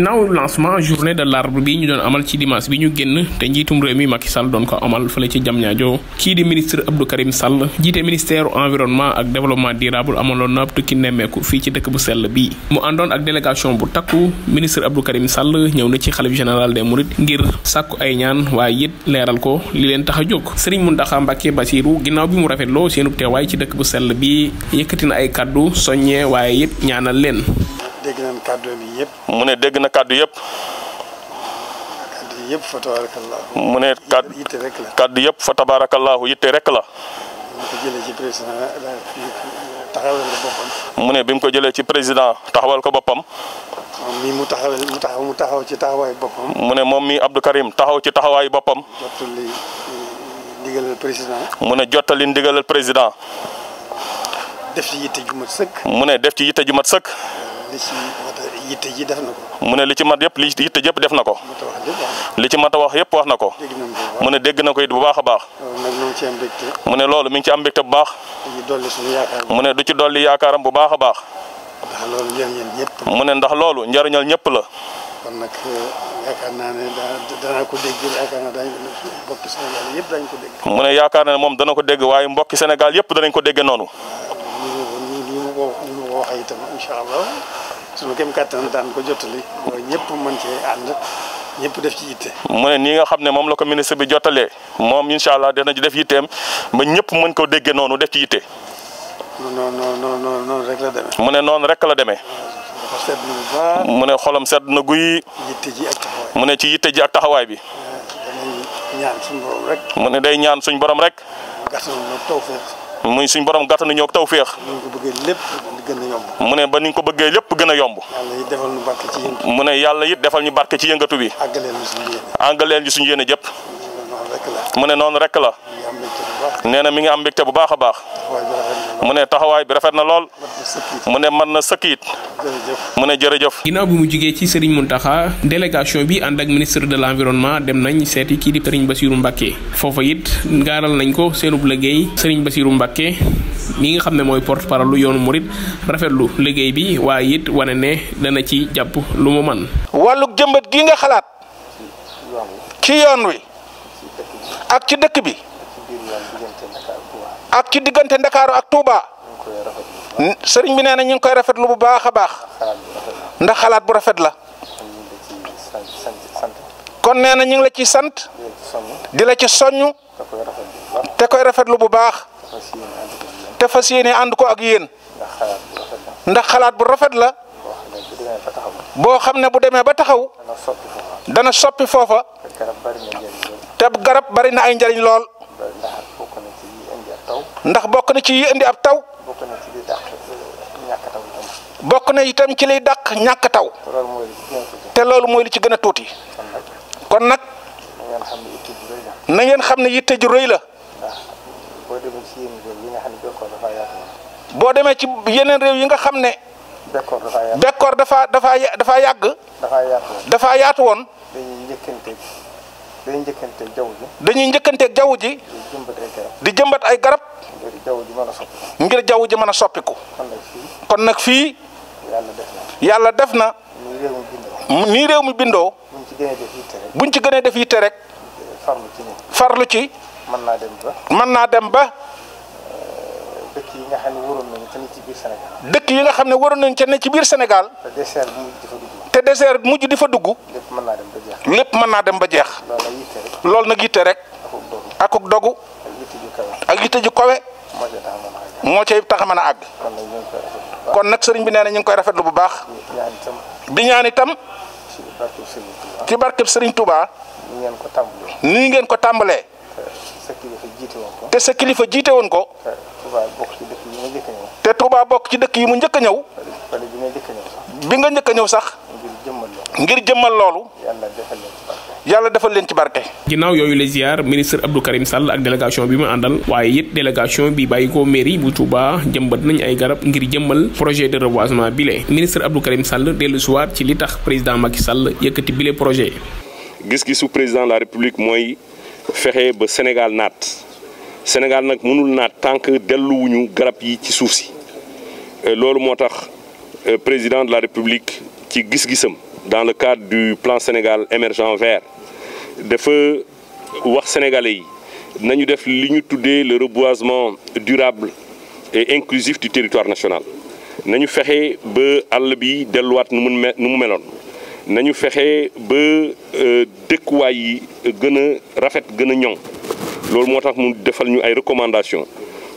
ginnaaw lancement journée de l'arbre bi ñu doon amal ci dimanche bi ñu génn te njiitum réew mi Macky Sall doon ko amal fële ci Diamniadio kii di ministre Abdou Karim Sall jiite ministère environnement ak développement durable amaloon na ab tukki nemmeeku fii ci dëkk bu sell bii mu àndoon ak délégation bu takku ministre Abdou Karim Sall ñëw na ci xalif général de Mourides ngir sàkku ay ñaan waaye it leeral ko li leen tax a jóg Serigne Mountakha Mbacké Bassirou ginnaaw bi mu rafetloo seenub teewaay ci dëkk bu sell bi yëkkati na ay kaddu soññee waaye it ñaanal leen dégg nañ kàddu yëpp. mu ne dégg na kàddu yëpp. kàddu yëpp mu ne kàddu yitte rek la kàddu yëpp fa tabaarakallaahu yitte rek la. mu ko jëlee ci président taxawal ko boppam. mu ne bi mu ko jëlee ci président taxawal ko boppam. moom mii mu taxawal mu taxaw mu taxaw ci taxawaayu boppam. mu ne moom mii Abdou Karim taxaw ci taxawaayu boppam. jottali eh, ndigalal président. mu ne jottali ndigalal président. def ci yitte ju mu ne def ci yitte ju mat sëkk. li ci mat def na mu ne li ci mat yëpp li yitte yëpp def na ko. li ci mat a wax yëpp wax na ko. mu ne dégg na ko it bu baax a baax. mu ne loolu mi ngi ci am mbégte bu baax. mu ne du ci dolli yaakaaram bu baax a baax. mu ne ndax loolu njariñal ñëpp la. kon nag eh, ko dégg yaakaar yëpp daañu ko mu ne yaakaar na ne moom dana ko dégg waaye mbokki Sénégal yëpp danañ ko dégg noonu. ñu ñu ko waxee itam incha kem kàttan daan ko jottali ba ñëpp mën cee ànd ñëpp def ci yitte. mu ne nii nga xam ne moom la ko ministre bi jottalee moom incha allah dana def yitteem ba ñëpp mën koo déggee noonu def ci yitte. non non non noonu rek la demee. mu ne noonu rek la demee. mu ne xolam sedd na guy. mu ne ci yitte ji ak taxawaay bi. Eh, mu ne day ñaan suñ borom rek. muy suñ borom gàttanu ñëw taw féex. mu ne ba ni nga ko bëggee lépp gën a yomb. mu ne yàlla yit defal ñu barke ci yëngatu bi. àggaleel ñu suñu yéene jëpp. mu ne noonu rek la nee na mi ngi am mbégte bu baax a baax mu ne taxawaay bi rafet na lool mu ne man na sëkkiit mu ne jërëjëf. ginnaaw bi mu jugee ci sëriñ mun Mountakha délégation bi ànd ak ministre de l' environnement dem nañ seeti kii di Serigne Bassirou Mbacké foofa it gaaral nañ ko seenub liggéey sëriñ Bassirou Mbacké mi nga xam ne mooy porte parole lu yoonu murit rafetlu liggéey bi waaye it wane ne dana ci jàpp lu mu man wàllu jëmbat gi nga xalaat ak ci dëkk bi ak ci diggante ndakaaru ak Touba sëriñ bi nee na ñu ngi koy rafetlu bu baax a baax ndax xalaat bu rafet la kon nee na ñu ngi la ci sant di la ci soññ te koy rafetlu bu baax te fas yéene ànd ko ak yéen ndax xalaat bu rafet la. boo xam ne bu demee ba taxaw dana soppi foofa te garab bari na ay njariñ lool ndax bokk na ci yi indi ab taw bokk na itam ci liy dàq ñàkk taw te loolu mooy li ci gën a tuuti kon nag na ngeen xam ne yitte ju rëy la boo demee ci yeneen réew yi nga xam ne d'accord dafa yàgg dafa dafa dafa yàgg. dafa yaatu woon dafa yaatu woon. dañuy njëkkanteeg dañuy jaww ji. dañuy njëkkanteeg jaww ji. di jëmbat ay garab di jëmbat ay garab. ngir jaww ji mën a soppiku. ngir a soppiku. kon nag fii. kon yàlla def na. yàlla def na. nii réew mi bindoo. nii réew buñ ci gënee def yitte rek. buñ ci gënee def ci. mën naa dem mën naa dem ba. dëkk xam ne waroon nañu te ne ci biir Sénégal. dëkk yi nga xam ne waroon nañu te ne ci biir Sénégal. te désert mujj di fa dugg. te désert mujj di fa dugg. lépp mën naa dem ba jeex. lépp mën naa dem loolu nag yitte rek. akuk dogu. ak yitte ju kawe. moo cay tax a mën a àgg. kon nag sëriñ bi nee na ñu ngi koy rafetlu bu baax. di ñaan itam. ci barkeb sëriñ Touba. ni ko tàmbalee. ni ngeen ko tàmbalee. te sa te sa kilifa jiite woon ko. Touba bokk te Touba bokk ci dëkk yi mu njëkk a ñëw. wala bi nga jëkk a ñëw sax. bi ngir jëmmal loolu. ngir yàlla defal leen ci barke. yàlla ginnaaw yooyu la ziar ministre Abdou Karim Sall ak délégation bi mu àndal waaye it délégation bi bàyyi ko mairie bu Touba jëmbat nañ ay garab ngir jëmmal projet de reboisement bile ministre Abdou Karim Sall dellu si ci li tax président Macky Sall yëkkati bile projet. gis-gisu président de la république mooy fexe ba Sénégal naat Sénégal nag mënul naat tànk delluwuñu garab yi ci suuf si euh, loolu moo tax euh, président de la république ci gis-gisam dans le cadre du plan Sénégal émergent vert dafa wax sénégalais yi nañu def li ñu tuddee le reboisement durable et inclusif du territoire national na ñu fexe ba àll bi delluwaat nu mu nu mu meloon nañu fexe ba euh, dëkkuwaay yi gën a rafet gën a ñoŋ loolu moo tax mu defal ñu ay recommandations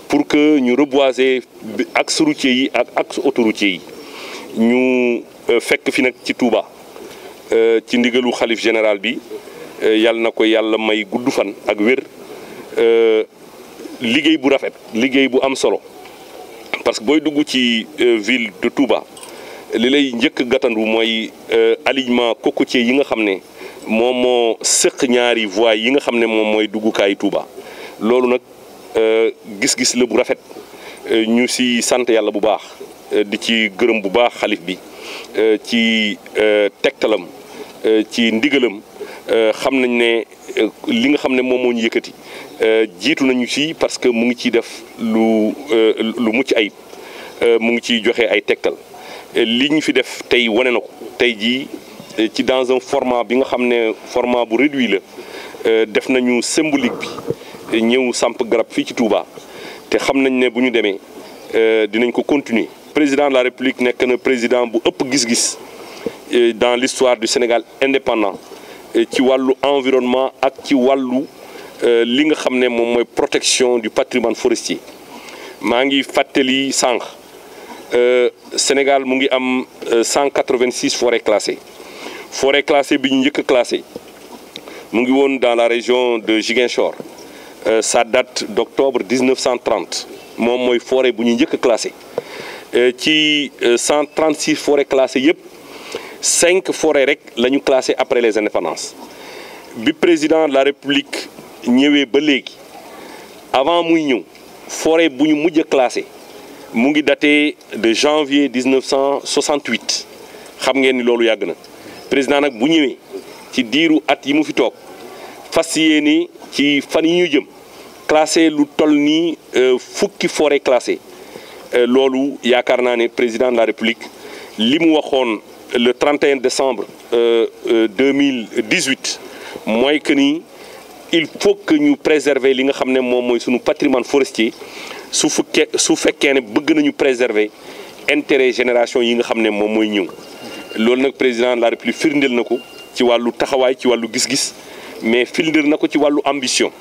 pour que ñu reboiser axe routier yi ak axe autoroutier yi ñu euh, fekk fi nag ci Touba euh, ci ndigalu xalif général bi euh, yàlla na ko yàlla may gudd fan ak wér liggéey bu rafet liggéey bu am solo parce que booy dugg ci ville de Touba li lay njëkk gàttandu mooy alignement cocotier yi nga xam ne moom moo sëq ñaari voies yi nga xam ne moom mooy duggukaayu Touba loolu nag euh, gis-gis la bu rafet euh, ñu si sant yàlla bu baax euh, di ci gërëm bu baax xalif bi ci tegtalam ci ndigalam xam nañ ne li nga xam ne moom moo ñu yëkkati jiitu nañu si parce que mu ngi ci def lu lu mucc ay mu ngi ciy joxe ay tegtal li ñu fi def tey wane na ko tey jii. Euh, ci dans un format bi nga xam ne format bu réduit la euh, def nañu symbolique bi euh, ñëw samp garab fii ci Touba te xam nañ ne bu ñu demee dinañ ko continuer. président de la république nekk na président bu ëpp gis-gis dans l'histoire du Sénégal indépendant ci wàllu environnement ak ci wàllu li nga xam ne moom mooy protection du patrimoine forestier maa ngi fàttali sànq Sénégal mu ngi am 186 forêts classées. forêt classée bi ñu njëkk classé mu ngi woon dans la région de Ziguinchor sa euh, date doctobre octobre 1930 moom mooy forêt bu ñu njëkk a classé euh, ci 136 euh, forêt classé yëpp cinq forêt rek la ñu classé après les indépendances bi président de la république ñëwee ba léegi avant muy ñëw forêt bu ñu mujj a classé mu ngi daté de janvier 1968 xam ngeen ni loolu yàgg na président nag bu ñëwee ci diiru at yi mu fi toog fas yéene ci fan yi ñu jëm classé lu toll nii euh, fukki forêt classée euh, loolu yaakaar naa ne président de la république li mu waxoon le trente 31 décembre 2018 euh, mooy que ni il faut que ñu préserver li nga xam ne moom mooy suñu patrimoine forestier su fukkee su fekkee ne bëgg nañu préserver intérêt génération yi nga xam ne moom mooy ñëw loolu nag président la république firndeel na ko ci wàllu taxawaay ci wàllu gis-gis mais firndeel na ko ci wàllu ambition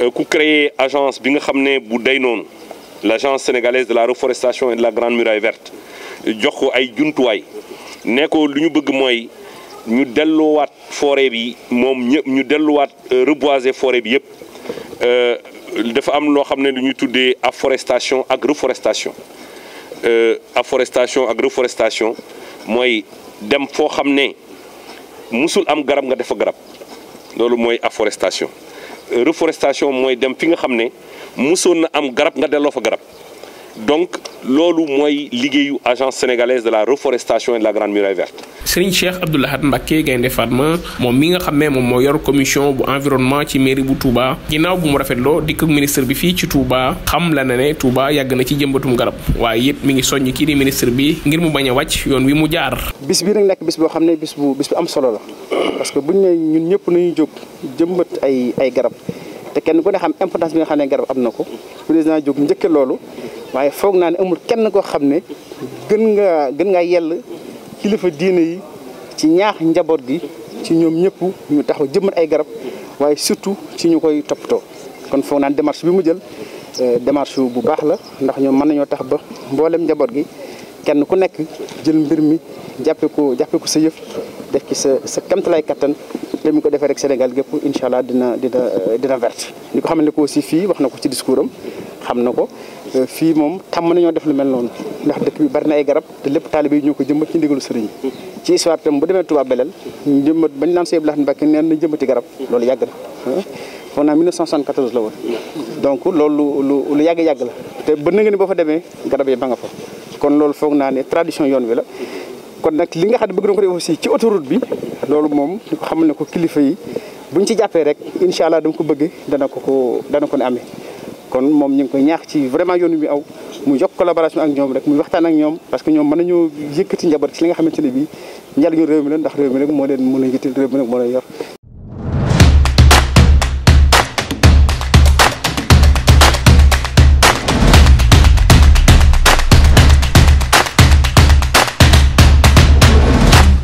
euh, ku créer agence bi nga xam ne bu day noonu l' agence sénégalaise de la reforestation et de la grande muraille verte jox ko ay jumtuwaay ne ko lu ñu bëgg mooy ñu delluwaat forêt bi moom ñëpp ñu delluwaat euh, reboiser forêt bi yëpp euh, dafa am loo xam ne lu ñuy tuddee afforestation ak reforestation afforestation ak reforestation mooy dem foo xam ne musul am garab nga def fa garab loolu mooy afforestation reforestation mooy dem fi nga xam ne musoon na am garab nga delloo fa garab donc loolu mooy liggéeyu agence sénégalaise de la reforestation et de la grande muraille verte. Serigne Cheikh Abdou Lahad Mbacké Gaïndé Fatma moom mi nga xam ne moom moo yor commission bu environnement ci mairie bu Touba ginnaaw bu mu rafetloo dikk ministre bi fii ci Touba xam la na ne Touba yàgg na ci jëmbatum garab waaye it mi ngi soññ kii di ministre bi ngir mu bañ a wàcc yoon wi mu jaar. bis bii nekk bis boo xam ne bis bu bis am solo la parce que buñ ne ñun ñëpp nañu jóg jëmbat ay ay garab te kenn ku ne xam importance bi nga xam ne garab am na ko président jóg njëkk loolu. waaye foog naa ne amul kenn koo xam ne gën nga gën nga yell kilifa diine yi ci ñaax njaboot gi ci ñoom ñëpp ñu tax jëmmat ay garab waaye surtout ci ñu koy toppatoo kon foog naa ne démarche bi mu jël euh, démarche bu baax la ndax ñoom mën nañoo tax ba mboolem njaboot gi kenn ku nekk jël mbir mi jàppe ko jàppe ko sa yëf def ci sa sa kamtalaay kattan li mu ko defee rek Sénégal gépp incha allah dina dina euh, dina verte. li ko xam ne ko aussi fii wax na ko ci discours am xam na ko. fii moom tàmm ñoo def lu mel noonu ndax dëkk bi bari na ay garab te lépp taalibe yi ñoo ko jëmbat ci ndigalu sëriñ bi ci histoire tam bu demee Touba Belel jëmbat bañ naan Sëñ neen na jëmbati garab loolu yàgg na foog naa 1974 la woon donc loolu lu lu yàgg-yàgg la te ba na nga ni boo fa demee garab yi ba nga fa kon loolu foog naa ne tradition yoon wi la kon nag li nga xam ne bëgg na ko dee aussi ci autoroute bi loolu moom ñu ko xamal ne ko kilifa yi buñ ci jàppee rek incha allah dama ko bëgg dana ko ko dana ko ne amee kon moom ñu ngi koy ñaax ci vraiment yoonu bi aw mu yokk collaboration ak ñoom rek muy waxtaan ñoom parce que ñoom mën nañoo yëkkati njaboot ci li nga xamante ne bii njariñu réew mi la ndax réew mi leen moo leen yor